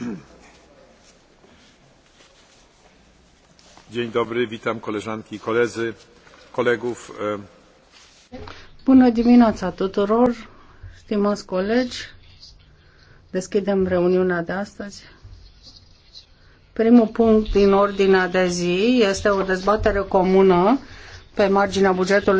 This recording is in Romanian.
Dzień dobry, witam koleżanki i koledzy, kolegów. Bună dimineața tuturor, stimați colegi. Deschidem reuniunea de astăzi. Primul punct din ordinea de zi este o dezbatere comună pe marginea bugetului